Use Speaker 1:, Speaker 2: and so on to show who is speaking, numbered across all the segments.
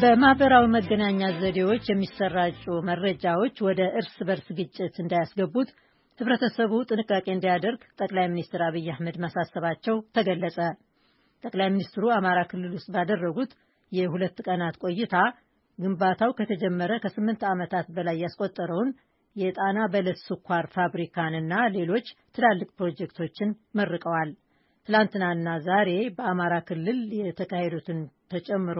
Speaker 1: በማህበራዊ መገናኛ ዘዴዎች የሚሰራጩ መረጃዎች ወደ እርስ በርስ ግጭት እንዳያስገቡት ህብረተሰቡ ጥንቃቄ እንዲያደርግ ጠቅላይ ሚኒስትር አብይ አህመድ ማሳሰባቸው ተገለጸ። ጠቅላይ ሚኒስትሩ አማራ ክልል ውስጥ ባደረጉት የሁለት ቀናት ቆይታ ግንባታው ከተጀመረ ከስምንት ዓመታት በላይ ያስቆጠረውን የጣና በለስ ስኳር ፋብሪካንና ሌሎች ትላልቅ ፕሮጀክቶችን መርቀዋል። ትላንትናና ዛሬ በአማራ ክልል የተካሄዱትን ተጨምሮ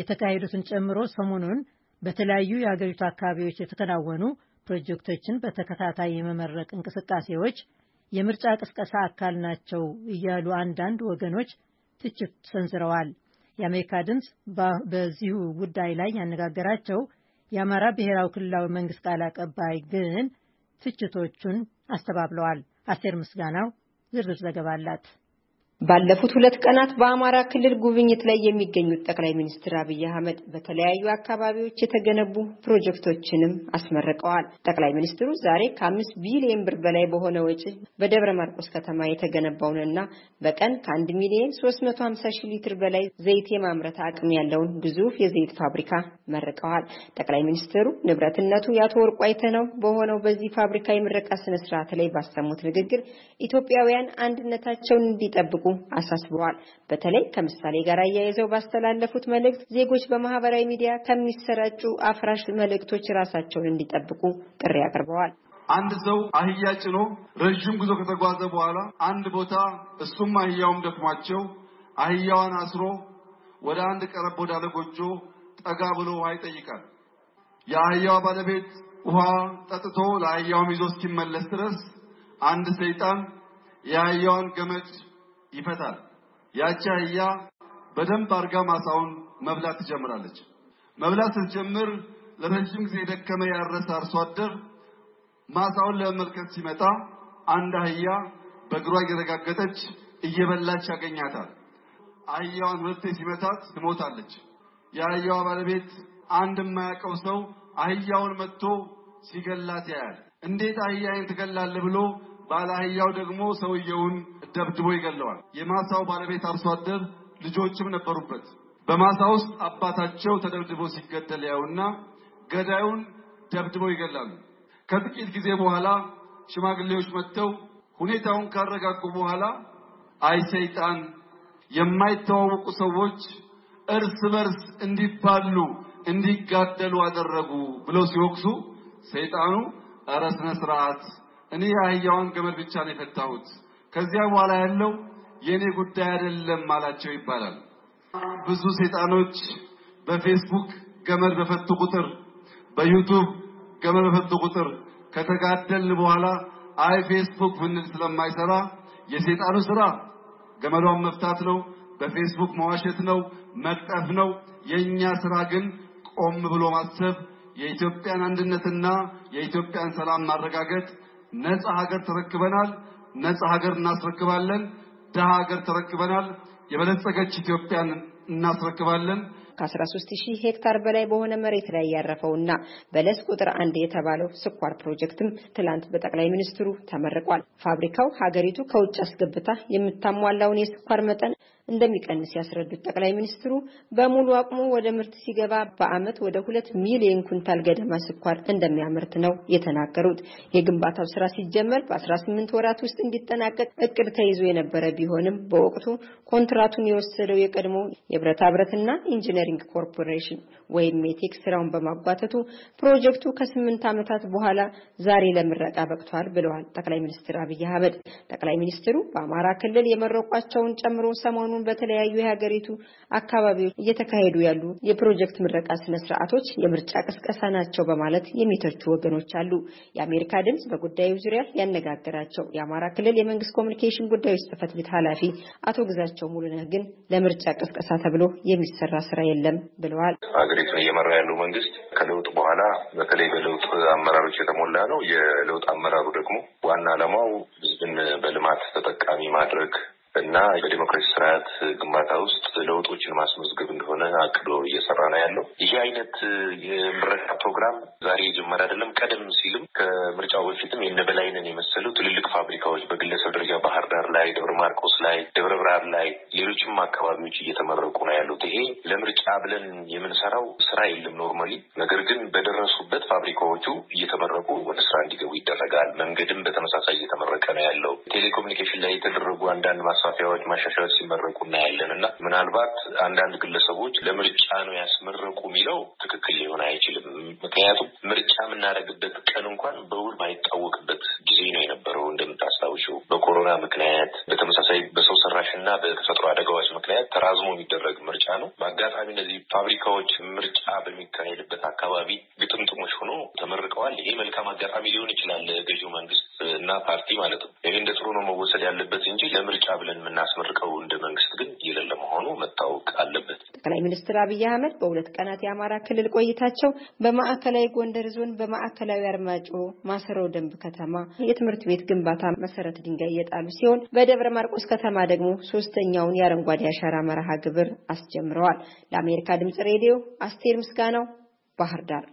Speaker 1: የተካሄዱትን ጨምሮ ሰሞኑን በተለያዩ የአገሪቱ አካባቢዎች የተከናወኑ ፕሮጀክቶችን በተከታታይ የመመረቅ እንቅስቃሴዎች የምርጫ ቅስቀሳ አካል ናቸው እያሉ አንዳንድ ወገኖች ትችት ሰንዝረዋል። የአሜሪካ ድምፅ በዚሁ ጉዳይ ላይ ያነጋገራቸው የአማራ ብሔራዊ ክልላዊ መንግስት ቃል አቀባይ ግን ትችቶቹን አስተባብለዋል። አስቴር ምስጋናው ዝርዝር ዘገባ አላት።
Speaker 2: ባለፉት ሁለት ቀናት በአማራ ክልል ጉብኝት ላይ የሚገኙት ጠቅላይ ሚኒስትር አብይ አህመድ በተለያዩ አካባቢዎች የተገነቡ ፕሮጀክቶችንም አስመርቀዋል። ጠቅላይ ሚኒስትሩ ዛሬ ከአምስት ቢሊዮን ብር በላይ በሆነ ወጪ በደብረ ማርቆስ ከተማ የተገነባውንና በቀን ከአንድ ሚሊዮን ሶስት መቶ ሀምሳ ሺህ ሊትር በላይ ዘይት የማምረት አቅም ያለውን ግዙፍ የዘይት ፋብሪካ መርቀዋል። ጠቅላይ ሚኒስትሩ ንብረትነቱ የአቶ ወርቁ አይተነው በሆነው በዚህ ፋብሪካ የምረቃ ስነስርዓት ላይ ባሰሙት ንግግር ኢትዮጵያውያን አንድነታቸውን እንዲጠብቁ አሳስበዋል። በተለይ ከምሳሌ ጋር አያይዘው ባስተላለፉት መልእክት ዜጎች በማህበራዊ ሚዲያ ከሚሰራጩ አፍራሽ መልእክቶች ራሳቸውን እንዲጠብቁ ጥሪ አቅርበዋል።
Speaker 3: አንድ ሰው አህያ ጭኖ ረዥም ጉዞ ከተጓዘ በኋላ አንድ ቦታ እሱም አህያውም ደክሟቸው አህያዋን አስሮ ወደ አንድ ቀረብ ወዳለ ጎጆ ጠጋ ብሎ ውሃ ይጠይቃል። የአህያዋ ባለቤት ውሃ ጠጥቶ ለአህያውም ይዞ እስኪመለስ ድረስ አንድ ሰይጣን የአህያዋን ገመድ ይፈታል። ያቺ አህያ በደንብ አርጋ ማሳውን መብላት ትጀምራለች። መብላት ስትጀምር ለረጅም ጊዜ የደከመ ያረሰ አርሶ አደር ማሳውን ለመመልከት ሲመጣ አንድ አህያ በእግሯ እየረጋገጠች እየበላች ያገኛታል። አህያዋን ሁለቴ ሲመታት ትሞታለች። የአህያዋ ባለቤት አንድ የማያውቀው ሰው አህያውን መጥቶ ሲገላት ያያል። እንዴት አህያዬን ትገላለህ ብሎ ባላህያው ደግሞ ሰውየውን ደብድቦ ይገለዋል። የማሳው ባለቤት አርሶ አደር ልጆችም ነበሩበት። በማሳ ውስጥ አባታቸው ተደብድቦ ሲገደል ያውና ገዳዩን ደብድቦ ይገላሉ። ከጥቂት ጊዜ በኋላ ሽማግሌዎች መጥተው ሁኔታውን ካረጋጉ በኋላ አይ ሰይጣን የማይተዋወቁ ሰዎች እርስ በርስ እንዲባሉ እንዲጋደሉ አደረጉ ብለው ሲወቅሱ ሰይጣኑ እረ ስነ ስርዓት እኔ አህያዋን ገመድ ብቻ ነው የፈታሁት፣ ከዚያ በኋላ ያለው የኔ ጉዳይ አይደለም አላቸው ይባላል። ብዙ ሰይጣኖች በፌስቡክ ገመድ በፈቱ ቁጥር፣ በዩቱብ ገመድ በፈቱ ቁጥር ከተጋደል በኋላ አይ ፌስቡክ ብንል ስለማይሰራ የሰይጣኑ ስራ ገመዷን መፍታት ነው፣ በፌስቡክ መዋሸት ነው፣ መቅጠፍ ነው። የኛ ስራ ግን ቆም ብሎ ማሰብ፣ የኢትዮጵያን አንድነትና የኢትዮጵያን ሰላም ማረጋገጥ ነጻ ሀገር ተረክበናል፣ ነጻ ሀገር እናስረክባለን። ድሃ ሀገር ተረክበናል፣ የበለጸገች ኢትዮጵያን እናስረክባለን። ከ13000
Speaker 2: ሄክታር በላይ በሆነ መሬት ላይ ያረፈው እና በለስ ቁጥር አንድ የተባለው ስኳር ፕሮጀክትም ትላንት በጠቅላይ ሚኒስትሩ ተመርቋል። ፋብሪካው ሀገሪቱ ከውጭ አስገብታ የምታሟላውን የስኳር መጠን እንደሚቀንስ ያስረዱት ጠቅላይ ሚኒስትሩ በሙሉ አቅሙ ወደ ምርት ሲገባ በዓመት ወደ ሁለት ሚሊዮን ኩንታል ገደማ ስኳር እንደሚያመርት ነው የተናገሩት። የግንባታው ስራ ሲጀመር በ18 ወራት ውስጥ እንዲጠናቀቅ እቅድ ተይዞ የነበረ ቢሆንም በወቅቱ ኮንትራቱን የወሰደው የቀድሞ የብረታ ብረትና ኢንጂነሪንግ ኮርፖሬሽን ወይም ሜቴክ ስራውን በማጓተቱ ፕሮጀክቱ ከስምንት ዓመታት በኋላ ዛሬ ለምረቃ በቅቷል ብለዋል ጠቅላይ ሚኒስትር አብይ አህመድ። ጠቅላይ ሚኒስትሩ በአማራ ክልል የመረቋቸውን ጨምሮ ሰሞኑን ሰሞኑን በተለያዩ የሀገሪቱ አካባቢዎች እየተካሄዱ ያሉ የፕሮጀክት ምረቃ ስነ ስርዓቶች የምርጫ ቅስቀሳ ናቸው በማለት የሚተቹ ወገኖች አሉ። የአሜሪካ ድምጽ በጉዳዩ ዙሪያ ያነጋገራቸው የአማራ ክልል የመንግስት ኮሚኒኬሽን ጉዳዮች ጽህፈት ቤት ኃላፊ አቶ ግዛቸው ሙሉነህ ግን ለምርጫ ቅስቀሳ ተብሎ የሚሰራ ስራ የለም ብለዋል።
Speaker 4: ሀገሪቱን እየመራ ያለው መንግስት ከለውጥ በኋላ በተለይ በለውጥ አመራሮች የተሞላ ነው። የለውጥ አመራሩ ደግሞ ዋና ዓላማው ህዝብን በልማት ተጠቃሚ ማድረግ እና በዲሞክራሲ ስርዓት ግንባታ ውስጥ ለውጦችን ማስመዝገብ እንደሆነ አቅዶ እየሰራ ነው ያለው። ይህ አይነት የምረቃ ፕሮግራም ዛሬ የጀመረ አይደለም። ቀደም ሲልም ከምርጫው በፊትም የነበላይንን የመሰሉ ትልልቅ ፋብሪካዎች በግለሰብ ደረጃ ባህር ዳር ላይ፣ ደብረ ማርቆስ ላይ፣ ደብረ ብርሃን ላይ፣ ሌሎችም አካባቢዎች እየተመረቁ ነው ያሉት። ይሄ ለምርጫ ብለን የምንሰራው ስራ የለም ኖርማሊ። ነገር ግን በደረሱበት ፋብሪካዎቹ እየተመረቁ ወደ ስራ እንዲገቡ ይደረጋል። መንገድም በተመሳሳይ እየተመረቀ ነው ያለው። ኮሚኒኬሽን ላይ የተደረጉ አንዳንድ ማስፋፊያዎች፣ ማሻሻያዎች ሲመረቁ እናያለን እና ምናልባት አንዳንድ ግለሰቦች ለምርጫ ነው ያስመረቁ የሚለው ትክክል ሊሆን አይችልም። ምክንያቱም ምርጫ የምናደርግበት ቀን እንኳን በውል ማይታወቅበት ጊዜ ነው የነበረው። እንደምታስታውሽው በኮሮና ምክንያት በተመሳሳይ በሰው ሰራሽ እና በተፈጥሮ አደጋዎች ምክንያት ተራዝሞ የሚደረግ ምርጫ ነው። በአጋጣሚ እነዚህ ፋብሪካዎች ምርጫ በሚካሄድበት አካባቢ ግጥምጥሞች ሆኖ ተመርቀዋል። ይሄ መልካም አጋጣሚ ሊሆን ይችላል ለገዢው መንግስት እና ፓርቲ ማለት ነው። ይህ እንደ ጥሩ ነው መወሰድ ያለበት እንጂ ለምርጫ ብለን የምናስመርቀው እንደ መንግስት ግን የሌለ መሆኑ መታወቅ አለ
Speaker 2: ጠቅላይ ሚኒስትር አብይ አህመድ በሁለት ቀናት የአማራ ክልል ቆይታቸው በማዕከላዊ ጎንደር ዞን በማዕከላዊ አርማጮ ማሰሮ ደንብ ከተማ የትምህርት ቤት ግንባታ መሰረት ድንጋይ የጣሉ ሲሆን በደብረ ማርቆስ ከተማ ደግሞ ሶስተኛውን የአረንጓዴ አሻራ መርሃ ግብር አስጀምረዋል። ለአሜሪካ ድምጽ ሬዲዮ
Speaker 4: አስቴር ምስጋናው
Speaker 3: ባህር ዳር